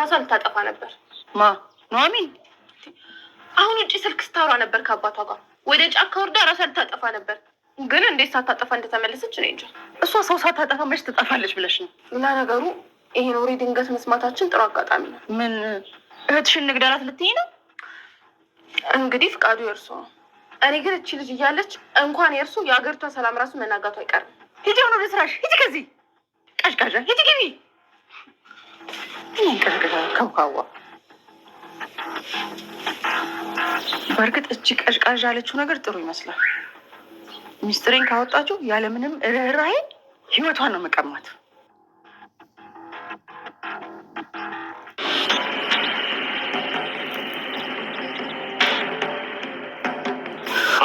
ራሷን ልታጠፋ ነበር። ማ ኑሐሚን አሁን ውጭ ስልክ ስታወራ ነበር ከአባቷ ጋር። ወደ ጫካ ወርዳ ራሷን ልታጠፋ ነበር፣ ግን እንዴት ሳታጠፋ እንደተመለሰች እኔ እንጃ። እሷ ሰው ሳታጠፋ መች ትጠፋለች ብለሽ ነው? እና ነገሩ ይሄን ወሬ ድንገት መስማታችን ጥሩ አጋጣሚ ነው። ምን እህትሽን ንግደላት ልትይ ነው? እንግዲህ ፍቃዱ የእርሶ ነው። እኔ ግን እቺ ልጅ እያለች እንኳን የእርሱ የሀገሪቷ ሰላም ራሱ መናጋቱ አይቀርም። ሂጂ፣ ሆነ ወደ ስራሽ ሂጂ፣ ከዚህ ቀዥቃዣ ሂጂ፣ ግቢ ግን ያንቀሳቅሳል በእርግጥ እቺ ቀዥቃዥ ያለችው ነገር ጥሩ ይመስላል። ሚስጥሬን ካወጣችሁ ያለምንም ርኅራኄ ህይወቷን ነው መቀማት።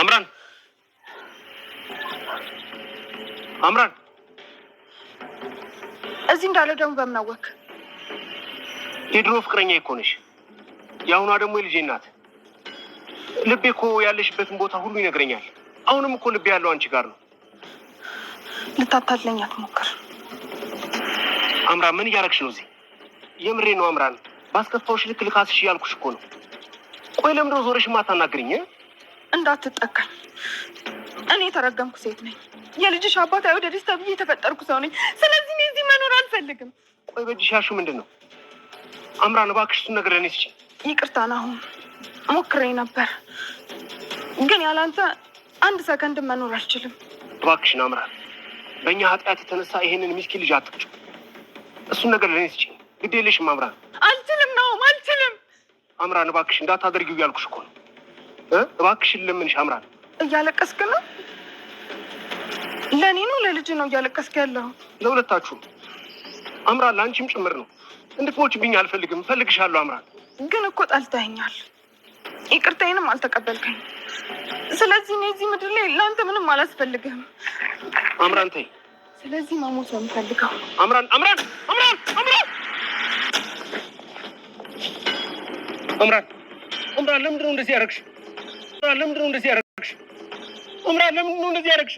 አምራን አምራን እዚህ እንዳለ ደግሞ በምን አወክ? የድሮ ፍቅረኛ እኮ ነሽ። የአሁኗ ደግሞ የልጄ ናት። ልቤ እኮ ያለሽበትን ቦታ ሁሉ ይነግረኛል። አሁንም እኮ ልቤ ያለው አንቺ ጋር ነው። ልታታለኝ አትሞክር። አምራ ምን እያረግሽ ነው እዚህ? የምሬ ነው አምራን፣ ባስከፋዎች ልክ ልካስሽ እያልኩሽ እኮ ነው። ቆይ ለምድሮ ዞረሽ ማታናግርኝ? እንዳትጠቀም እኔ የተረገምኩ ሴት ነኝ። የልጅሽ አባት አይወደ ተብዬ የተፈጠርኩ ሰው ነኝ። ስለዚህ እኔ እዚህ መኖር አልፈልግም። ቆይ በእጅሽ ያልሽው ምንድን ነው? አምራን እባክሽ እሱን ነገር ለእኔ ይቅርታ ናሁን፣ ሞክሬ ነበር ግን ያላንተ አንድ ሰከንድ መኖር አልችልም። እባክሽን አምራን፣ በእኛ ኃጢአት የተነሳ ይሄንን ሚስኪን ልጅ አትቅጭው። እሱን ነገር ለኔ ትችል። ግድ የለሽም አምራን። አልችልም ናሁም፣ አልችልም። አምራን እባክሽ እንዳታደርጊው ያልኩሽ እኮ ነው። እባክሽን ለምንሽ አምራን። እያለቀስክ ነው? ለእኔ ነው ለልጅ ነው እያለቀስክ ያለው? ለሁለታችሁም አምራል አንቺም ጭምር ነው። እንድትሞችብኝ አልፈልግም። እፈልግሻለሁ አምራል። ግን እኮ ጠልተኸኛል፣ ይቅርታዬንም አልተቀበልከኝ። ስለዚህ እኔ እዚህ ምድር ላይ ለአንተ ምንም አላስፈልግህም። አምራን ተይ። ስለዚህ መሞት ነው የምፈልገው። አምራን አምራን አምራን አምራን አምራን አምራን፣ ለምንድን ነው እንደዚህ ያደረግሽ? አምራን፣ ለምንድን ነው እንደዚህ ያደረግሽ? አምራን፣ ለምንድን እንደዚህ ያደረግሽ?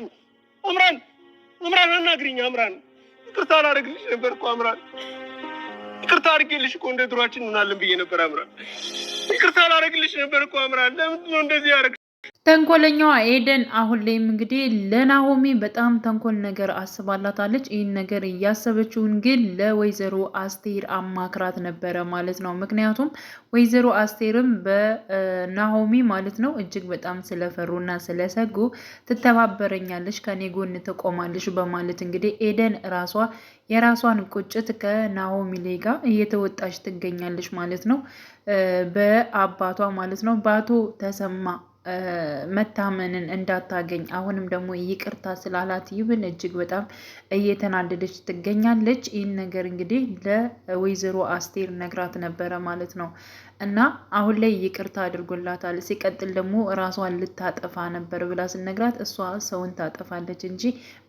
አምራን ለምንድን እንደዚህ ያደረግሽ አምራን ለምንድን እንደዚህ ያደረግሽ አምራን አምራን አናግሪኝ አምራን ይቅርታ አላደርግልሽ ነበር እኮ አምራል። ይቅርታ አድርጌልሽ እኮ እንደ ድሯችን እንሆናለን ብዬ ነበር አምራል። ይቅርታ አላደርግልሽ ነበር እኮ አምራል። ለምንድን ነው እንደዚህ ተንኮለኛዋ ኤደን አሁን ላይም እንግዲህ ለናሆሚ በጣም ተንኮል ነገር አስባላታለች። ይህን ነገር እያሰበችውን ግን ለወይዘሮ አስቴር አማክራት ነበረ ማለት ነው። ምክንያቱም ወይዘሮ አስቴርም በናሆሚ ማለት ነው እጅግ በጣም ስለፈሩና ስለሰጉ ትተባበረኛለች፣ ከኔ ጎን ትቆማለች በማለት እንግዲህ ኤደን ራሷ የራሷን ቁጭት ከናሆሚ ላይ ጋር እየተወጣች ትገኛለች ማለት ነው። በአባቷ ማለት ነው በአቶ ተሰማ መታመንን እንዳታገኝ አሁንም ደግሞ ይቅርታ ስላላት ይብን እጅግ በጣም እየተናደደች ትገኛለች። ይህን ነገር እንግዲህ ለወይዘሮ አስቴር ነግራት ነበረ ማለት ነው እና አሁን ላይ ይቅርታ አድርጎላታል። ሲቀጥል ደግሞ ራሷን ልታጠፋ ነበር ብላ ስነግራት እሷ ሰውን ታጠፋለች እንጂ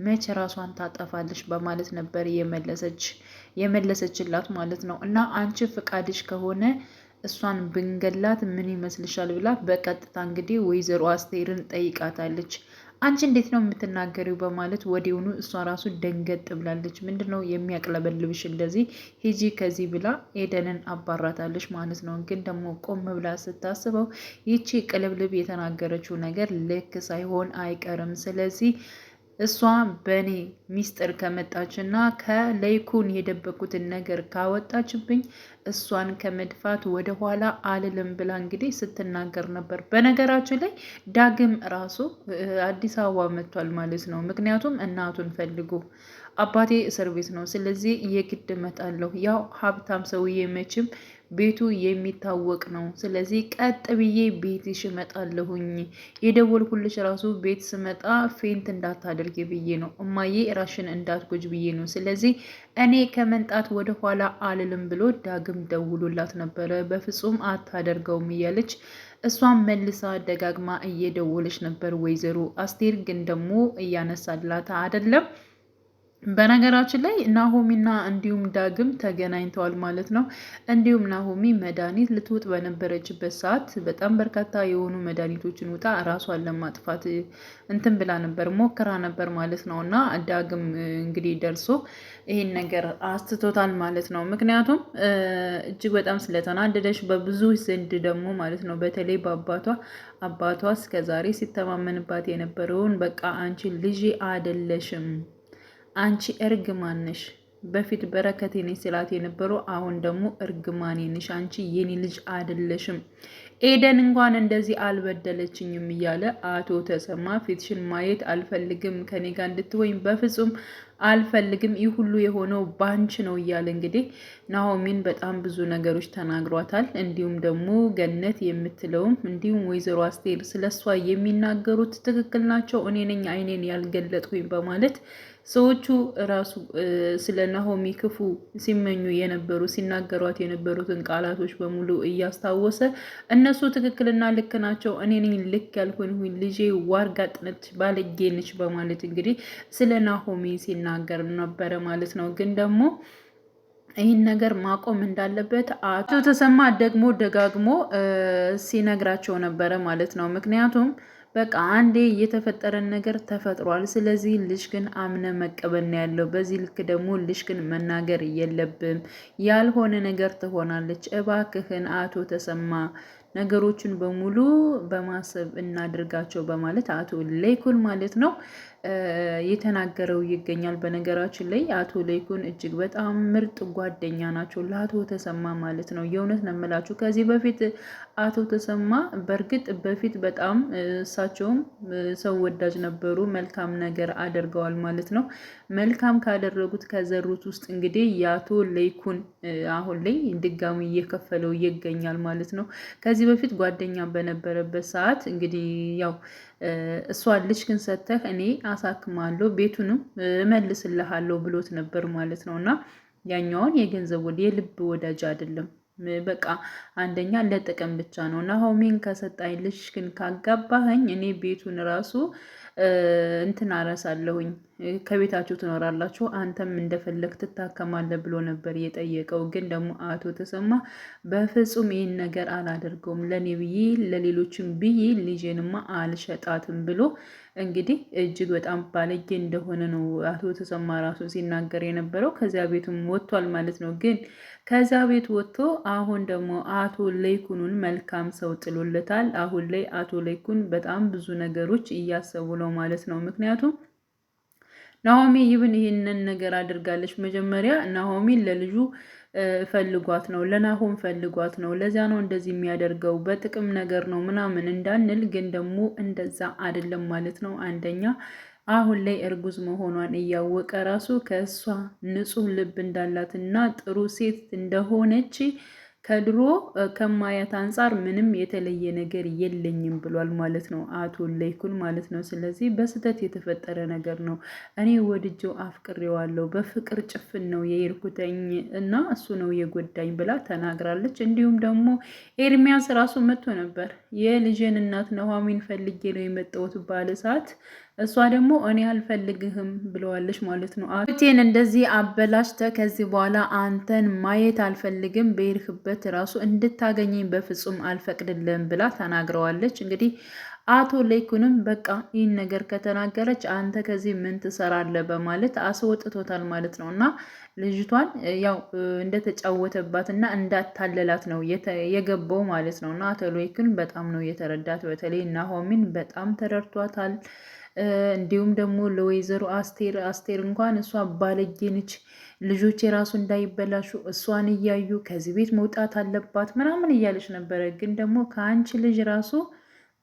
መቼ ራሷን ታጠፋለች በማለት ነበር የመለሰች የመለሰችላት ማለት ነው እና አንቺ ፍቃድሽ ከሆነ እሷን ብንገላት ምን ይመስልሻል ብላ በቀጥታ እንግዲህ ወይዘሮ አስቴርን ጠይቃታለች። አንቺ እንዴት ነው የምትናገሪው? በማለት ወዲያውኑ እሷ ራሱ ደንገጥ ብላለች። ምንድን ነው የሚያቅለበልብሽ? እንደዚህ ሂጂ ከዚህ ብላ ኤደንን አባራታለች ማለት ነው። ግን ደግሞ ቆም ብላ ስታስበው ይቺ ቅልብልብ የተናገረችው ነገር ልክ ሳይሆን አይቀርም። ስለዚህ እሷ በእኔ ሚስጥር ከመጣችና ከለይኩን የደበኩትን ነገር ካወጣችብኝ እሷን ከመድፋት ወደኋላ አልልም ብላ እንግዲህ ስትናገር ነበር። በነገራችን ላይ ዳግም ራሱ አዲስ አበባ መጥቷል ማለት ነው። ምክንያቱም እናቱን ፈልጉ አባቴ እስር ቤት ነው፣ ስለዚህ የግድ እመጣለሁ። ያው ሀብታም ሰውዬ መቼም ቤቱ የሚታወቅ ነው። ስለዚህ ቀጥ ብዬ ቤትሽ እመጣለሁኝ የደወልኩልሽ ራሱ ቤት ስመጣ ፌንት እንዳታደርግ ብዬ ነው እማዬ፣ ራሽን እንዳትጎጅ ብዬ ነው። ስለዚህ እኔ ከመንጣት ወደ ኋላ አልልም ብሎ ዳግም ደውሎላት ነበረ። በፍጹም አታደርገውም እያለች እሷም መልሳ ደጋግማ እየደወለች ነበር። ወይዘሮ አስቴር ግን ደግሞ እያነሳላት አይደለም። በነገራችን ላይ ናሆሚና እንዲሁም ዳግም ተገናኝተዋል ማለት ነው። እንዲሁም ናሆሚ መድኃኒት ልትውጥ በነበረችበት ሰዓት በጣም በርካታ የሆኑ መድኃኒቶችን ውጣ ራሷን ለማጥፋት እንትን ብላ ነበር ሞክራ ነበር ማለት ነው። እና ዳግም እንግዲህ ደርሶ ይሄን ነገር አስትቶታል ማለት ነው። ምክንያቱም እጅግ በጣም ስለተናደደች በብዙ ዘንድ ደግሞ ማለት ነው። በተለይ በአባቷ አባቷ እስከዛሬ ሲተማመንባት የነበረውን በቃ አንቺ ልጅ አደለሽም አንቺ እርግማን ነሽ። በፊት በረከት ነኝ ስላት የነበረው አሁን ደግሞ እርግማኔ ነሽ፣ አንቺ የኔ ልጅ አይደለሽም፣ ኤደን እንኳን እንደዚህ አልበደለችኝም እያለ አቶ ተሰማ ፊትሽን ማየት አልፈልግም፣ ከኔ ጋር እንድትወይም በፍጹም አልፈልግም፣ ይህ ሁሉ የሆነው ባንች ነው እያለ እንግዲህ ናሆሚን በጣም ብዙ ነገሮች ተናግሯታል። እንዲሁም ደግሞ ገነት የምትለውም እንዲሁም ወይዘሮ አስቴር ስለሷ የሚናገሩት ትክክል ናቸው፣ እኔ ነኝ አይኔን ያልገለጥኩኝ በማለት ሰዎቹ ራሱ ስለ ናሆሚ ክፉ ሲመኙ የነበሩ ሲናገሯት የነበሩትን ቃላቶች በሙሉ እያስታወሰ እነሱ ትክክልና ልክ ናቸው፣ እኔ ነኝ ልክ ያልሆንሁኝ፣ ልጄ ዋርጋ ነች፣ ባለጌ ነች በማለት እንግዲህ ስለ ናሆሚ ሲናገር ነበረ ማለት ነው። ግን ደግሞ ይህን ነገር ማቆም እንዳለበት አቶ ተሰማ ደግሞ ደጋግሞ ሲነግራቸው ነበረ ማለት ነው። ምክንያቱም በቃ አንዴ የተፈጠረን ነገር ተፈጥሯል። ስለዚህ ልጅ ግን አምነ መቀበል ነው ያለው። በዚህ ልክ ደግሞ ልጅ ግን መናገር የለብም። ያልሆነ ነገር ትሆናለች። እባክህን አቶ ተሰማ ነገሮችን በሙሉ በማሰብ እናድርጋቸው በማለት አቶ ለይኩን ማለት ነው የተናገረው ይገኛል። በነገራችን ላይ አቶ ለይኩን እጅግ በጣም ምርጥ ጓደኛ ናቸው ለአቶ ተሰማ ማለት ነው። የእውነት ነው የምላችሁ። ከዚህ በፊት አቶ ተሰማ በእርግጥ በፊት በጣም እሳቸውም ሰው ወዳጅ ነበሩ። መልካም ነገር አድርገዋል ማለት ነው። መልካም ካደረጉት ከዘሩት ውስጥ እንግዲህ የአቶ ለይኩን አሁን ላይ ድጋሚ እየከፈለው ይገኛል ማለት ነው። ከዚህ በፊት ጓደኛ በነበረበት ሰዓት እንግዲህ ያው እሷን ልጅ ግን ሰተህ እኔ አሳክማለሁ ቤቱንም እመልስልሃለሁ ብሎት ነበር ማለት ነው። እና ያኛውን የገንዘብ ወደ የልብ ወዳጅ አይደለም። በቃ አንደኛ ለጥቅም ብቻ ነው። ናሆሜን ከሰጣኝ ልጅ ግን ካጋባኸኝ እኔ ቤቱን ራሱ እንትን አረሳለሁኝ ከቤታችሁ ትኖራላችሁ፣ አንተም እንደፈለግ ትታከማለህ ብሎ ነበር የጠየቀው። ግን ደግሞ አቶ ተሰማ በፍጹም ይህን ነገር አላደርገውም፣ ለእኔ ብዬ ለሌሎችም ብዬ ልጄንማ አልሸጣትም ብሎ እንግዲህ እጅግ በጣም ባለጌ እንደሆነ ነው አቶ ተሰማ ራሱን ሲናገር የነበረው። ከዚያ ቤቱም ወጥቷል ማለት ነው ግን ከዛ ቤት ወጥቶ አሁን ደግሞ አቶ ለይኩኑን መልካም ሰው ጥሎለታል። አሁን ላይ አቶ ለይኩን በጣም ብዙ ነገሮች እያሰቡ ነው ማለት ነው። ምክንያቱም ናሆሚ ይብን ይህንን ነገር አድርጋለች። መጀመሪያ ናሆሚን ለልጁ ፈልጓት ነው ለናሆም ፈልጓት ነው። ለዚያ ነው እንደዚህ የሚያደርገው በጥቅም ነገር ነው ምናምን እንዳንል፣ ግን ደግሞ እንደዛ አይደለም ማለት ነው አንደኛ አሁን ላይ እርጉዝ መሆኗን እያወቀ ራሱ ከእሷ ንጹህ ልብ እንዳላትና ጥሩ ሴት እንደሆነች ከድሮ ከማያት አንጻር ምንም የተለየ ነገር የለኝም ብሏል ማለት ነው፣ አቶ ለይኩን ማለት ነው። ስለዚህ በስህተት የተፈጠረ ነገር ነው። እኔ ወድጄው አፍቅሬዋለሁ፣ በፍቅር ጭፍን ነው የሄድኩተኝ እና እሱ ነው የጎዳኝ ብላ ተናግራለች። እንዲሁም ደግሞ ኤርሚያስ ራሱ መጥቶ ነበር። የልጄን እናት ኑሃሚን ፈልጌ ነው የመጣሁት ባለ ሰዓት እሷ ደግሞ እኔ አልፈልግህም ብለዋለች ማለት ነው። ቴን እንደዚህ አበላሽተ ከዚህ በኋላ አንተን ማየት አልፈልግም፣ በሄድክበት ራሱ እንድታገኘኝ በፍጹም አልፈቅድልህም ብላ ተናግረዋለች። እንግዲህ አቶ ሌኩንም በቃ ይህን ነገር ከተናገረች አንተ ከዚህ ምን ትሰራለህ በማለት አስወጥቶታል ማለት ነው። እና ልጅቷን ያው እንደተጫወተባት እና እንዳታለላት ነው የገባው ማለት ነው። እና አቶ ሌኩን በጣም ነው የተረዳት። በተለይ ናሆሚን በጣም ተረድቷታል። እንዲሁም ደግሞ ለወይዘሮ አስቴር አስቴር እንኳን እሷ ባለጌ ነች፣ ልጆች የራሱ እንዳይበላሹ እሷን እያዩ ከዚህ ቤት መውጣት አለባት ምናምን እያለች ነበረ። ግን ደግሞ ከአንቺ ልጅ ራሱ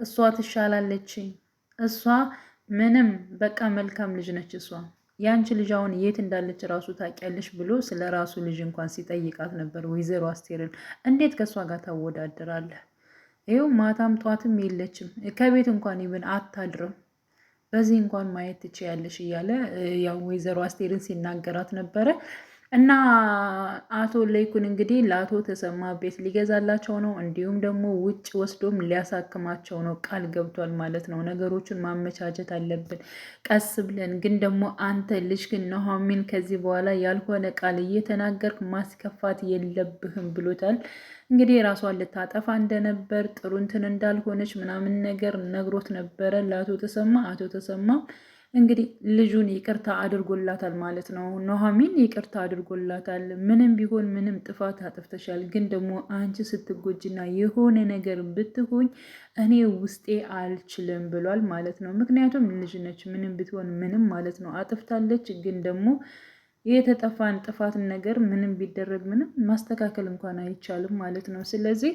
እሷ ትሻላለች። እሷ ምንም በቃ መልካም ልጅ ነች እሷ የአንቺ ልጅ አሁን የት እንዳለች ራሱ ታውቂያለሽ ብሎ ስለ ራሱ ልጅ እንኳን ሲጠይቃት ነበር ወይዘሮ አስቴርን። እንዴት ከእሷ ጋር ታወዳደራለህ ይኸው ማታም ጧትም የለችም ከቤት እንኳን ይብን አታድርም። በዚህ እንኳን ማየት ትችያለሽ እያለ ያው ወይዘሮ አስቴርን ሲናገራት ነበረ። እና አቶ ለይኩን እንግዲህ ለአቶ ተሰማ ቤት ሊገዛላቸው ነው። እንዲሁም ደግሞ ውጭ ወስዶም ሊያሳክማቸው ነው ቃል ገብቷል ማለት ነው። ነገሮቹን ማመቻቸት አለብን ቀስ ብለን። ግን ደግሞ አንተ ልጅ ግን ኑሐሚን ከዚህ በኋላ ያልሆነ ቃል እየተናገርክ ማስከፋት የለብህም ብሎታል። እንግዲህ ራሷን ልታጠፋ እንደነበር ጥሩ እንትን እንዳልሆነች ምናምን ነገር ነግሮት ነበረ ለአቶ ተሰማ አቶ ተሰማ እንግዲህ ልጁን ይቅርታ አድርጎላታል ማለት ነው። ኑሐሚን ይቅርታ አድርጎላታል። ምንም ቢሆን ምንም ጥፋት አጥፍተሻል፣ ግን ደግሞ አንቺ ስትጎጅና የሆነ ነገር ብትሆኝ እኔ ውስጤ አልችልም ብሏል ማለት ነው። ምክንያቱም ልጅ ነች፣ ምንም ብትሆን ምንም ማለት ነው። አጥፍታለች፣ ግን ደግሞ የተጠፋን ጥፋትን ነገር ምንም ቢደረግ ምንም ማስተካከል እንኳን አይቻልም ማለት ነው። ስለዚህ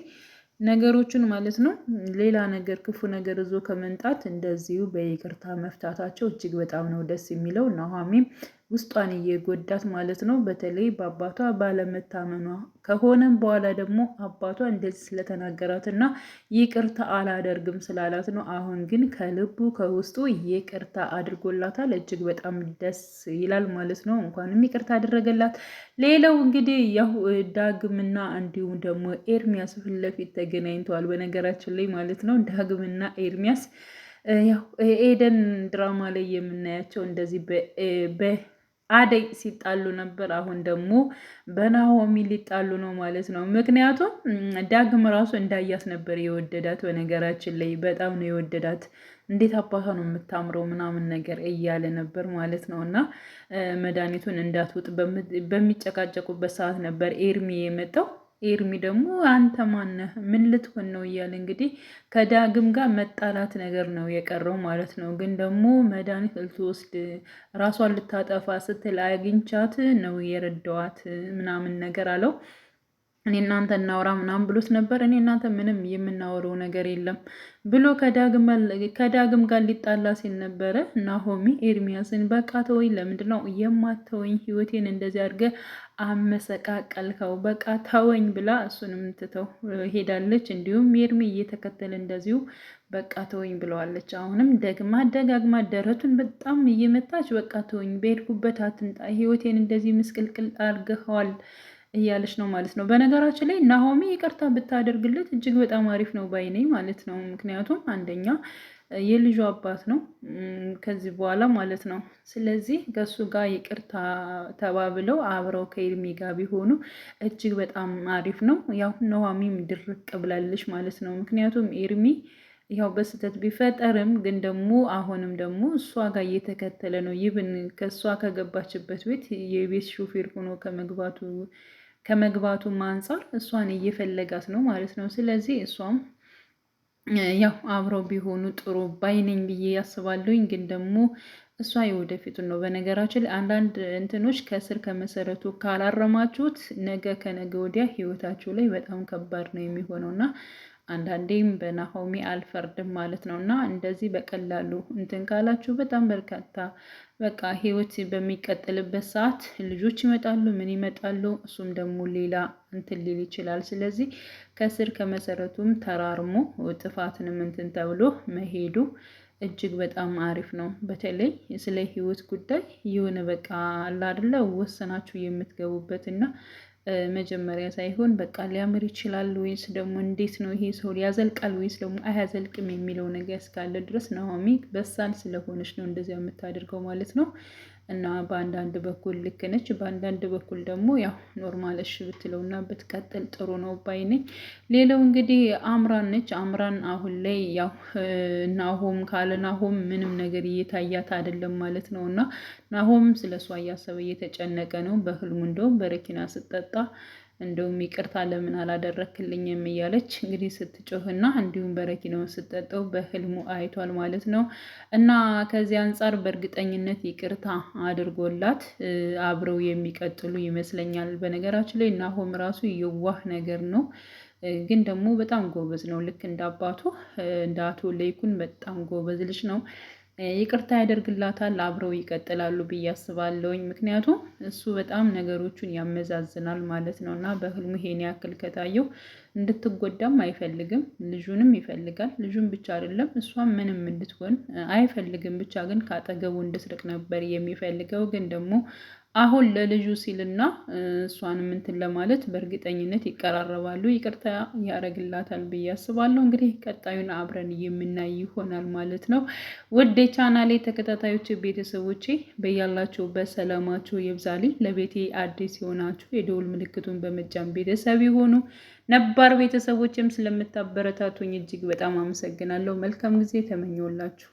ነገሮችን ማለት ነው ሌላ ነገር ክፉ ነገር ይዞ ከመምጣት እንደዚሁ በይቅርታ መፍታታቸው እጅግ በጣም ነው ደስ የሚለው። ኑሃሚን ውስጧን እየጎዳት ማለት ነው። በተለይ በአባቷ ባለመታመኗ ከሆነም በኋላ ደግሞ አባቷ እንደዚህ ስለተናገራት እና ይቅርታ አላደርግም ስላላት ነው። አሁን ግን ከልቡ ከውስጡ ይቅርታ አድርጎላታል። እጅግ በጣም ደስ ይላል ማለት ነው። እንኳንም ይቅርታ አደረገላት። ሌላው እንግዲህ ያው ዳግምና እንዲሁም ደግሞ ኤርሚያስ ፊት ለፊት ተገናኝተዋል። በነገራችን ላይ ማለት ነው ዳግምና ኤርሚያስ ያው ኤደን ድራማ ላይ የምናያቸው እንደዚህ በ አደይ ሲጣሉ ነበር። አሁን ደግሞ በናሆሚ ሊጣሉ ነው ማለት ነው። ምክንያቱም ዳግም ራሱ እንዳያስ ነበር የወደዳት። በነገራችን ላይ በጣም ነው የወደዳት። እንዴት አባቷ ነው የምታምረው ምናምን ነገር እያለ ነበር ማለት ነው። እና መድኃኒቱን እንዳትውጥ በሚጨቃጨቁበት ሰዓት ነበር ኤርሚ የመጣው ኤርሚ ደግሞ አንተ ማነህ? ምን ልትሆን ነው? እያለ እንግዲህ ከዳግም ጋር መጣላት ነገር ነው የቀረው ማለት ነው። ግን ደግሞ መድኃኒት ልትወስድ ራሷን ልታጠፋ ስትል አግኝቻት ነው የረዳዋት ምናምን ነገር አለው። እኔ እናንተ እናውራ ምናምን ብሎት ነበር። እኔ እናንተ ምንም የምናወረው ነገር የለም ብሎ ከዳግም ጋር ሊጣላ ሲል ነበረ። ናሆሚ ኤርሚያስን በቃ ተወኝ፣ ለምንድን ነው የማተወኝ? ህይወቴን እንደዚህ አድርገ አመሰቃቀልከው፣ በቃ ተወኝ ብላ እሱንም ትተው ሄዳለች። እንዲሁም ኤርሚ እየተከተለ እንደዚሁ በቃ ተወኝ ብለዋለች። አሁንም ደግማ ደጋግማ ደረቱን በጣም እየመታች በቃ ተወኝ፣ በሄድኩበት አትምጣ፣ ህይወቴን እንደዚህ ምስቅልቅል አድርገኸዋል እያለች ነው ማለት ነው። በነገራችን ላይ ናሆሚ ይቅርታ ብታደርግለት እጅግ በጣም አሪፍ ነው ባይኔ ማለት ነው። ምክንያቱም አንደኛ የልጁ አባት ነው ከዚህ በኋላ ማለት ነው። ስለዚህ ከሱ ጋር ይቅርታ ተባብለው አብረው ከኤድሜ ጋር ቢሆኑ እጅግ በጣም አሪፍ ነው። ያው ነዋሚም ድርቅ ብላለች ማለት ነው። ምክንያቱም ኤድሜ ያው በስህተት ቢፈጠርም ግን ደግሞ አሁንም ደግሞ እሷ ጋር እየተከተለ ነው። ይብን ከእሷ ከገባችበት ቤት የቤት ሹፌር ሆኖ ከመግባቱ ከመግባቱም አንጻር እሷን እየፈለጋት ነው ማለት ነው። ስለዚህ እሷም ያው አብረው ቢሆኑ ጥሩ ባይነኝ ብዬ ያስባለሁኝ። ግን ደግሞ እሷ የወደፊቱን ነው። በነገራችን ላይ አንዳንድ እንትኖች ከስር ከመሰረቱ ካላረማችሁት ነገ ከነገ ወዲያ ህይወታችሁ ላይ በጣም ከባድ ነው የሚሆነው እና አንዳንዴም በናሆሚ አልፈርድም ማለት ነው እና እንደዚህ በቀላሉ እንትን ካላችሁ በጣም በርካታ በቃ ህይወት በሚቀጥልበት ሰዓት ልጆች ይመጣሉ፣ ምን ይመጣሉ። እሱም ደግሞ ሌላ እንትን ሊል ይችላል። ስለዚህ ከስር ከመሰረቱም ተራርሞ ጥፋትንም እንትን ተብሎ መሄዱ እጅግ በጣም አሪፍ ነው። በተለይ ስለ ህይወት ጉዳይ የሆነ በቃ አላደለ ወሰናችሁ የምትገቡበት እና መጀመሪያ ሳይሆን በቃ ሊያምር ይችላል ወይስ ደግሞ እንዴት ነው ይሄ ሰው ያዘልቃል ወይስ ደግሞ አያዘልቅም የሚለው ነገር እስካለ ድረስ ናሆሚ በሳል ስለሆነች ነው እንደዚያ የምታደርገው ማለት ነው። እና በአንዳንድ በኩል ልክ ነች፣ በአንዳንድ በኩል ደግሞ ያው ኖርማል እሺ ብትለው እና ብትቀጥል ጥሩ ነው ባይ ነኝ። ሌላው እንግዲህ አምራን ነች። አምራን አሁን ላይ ያው ናሆም ካለ ናሆም ምንም ነገር እየታያት አይደለም ማለት ነው እና ናሆም ስለ እሷ እያሰበ እየተጨነቀ ነው። በህልሙ እንደውም በረኪና ስጠጣ እንደውም ይቅርታ ለምን አላደረክልኝም እያለች እንግዲህ ስትጮህና እንዲሁም በረኪናውን ስጠጠው በህልሙ አይቷል ማለት ነው። እና ከዚህ አንጻር በእርግጠኝነት ይቅርታ አድርጎላት አብረው የሚቀጥሉ ይመስለኛል። በነገራችን ላይ ናሆም ራሱ የዋህ ነገር ነው ግን ደግሞ በጣም ጎበዝ ነው። ልክ እንደ አባቱ እንደ አቶ ለይኩን በጣም ጎበዝ ልጅ ነው። ይቅርታ ያደርግላታል፣ አብረው ይቀጥላሉ ብዬ አስባለሁኝ። ምክንያቱም እሱ በጣም ነገሮቹን ያመዛዝናል ማለት ነው እና በህልሙ ይሄን ያክል ከታየው እንድትጎዳም አይፈልግም፣ ልጁንም ይፈልጋል። ልጁን ብቻ አይደለም እሷም ምንም እንድትሆን አይፈልግም። ብቻ ግን ከአጠገቡ እንድትርቅ ነበር የሚፈልገው ግን ደግሞ አሁን ለልጁ ሲልና እሷን ምንትን ለማለት በእርግጠኝነት ይቀራረባሉ። ይቅርታ ያደረግላታል ብዬ አስባለሁ። እንግዲህ ቀጣዩን አብረን የምናይ ይሆናል ማለት ነው። ውድ ቻናሌ ተከታታዮች ቤተሰቦቼ በያላችሁ በሰላማችሁ ይብዛልኝ። ለቤቴ አዲስ የሆናችሁ የደውል ምልክቱን በመጫን ቤተሰብ የሆኑ ነባር ቤተሰቦችም ስለምታበረታቱኝ እጅግ በጣም አመሰግናለሁ። መልካም ጊዜ ተመኘውላችሁ።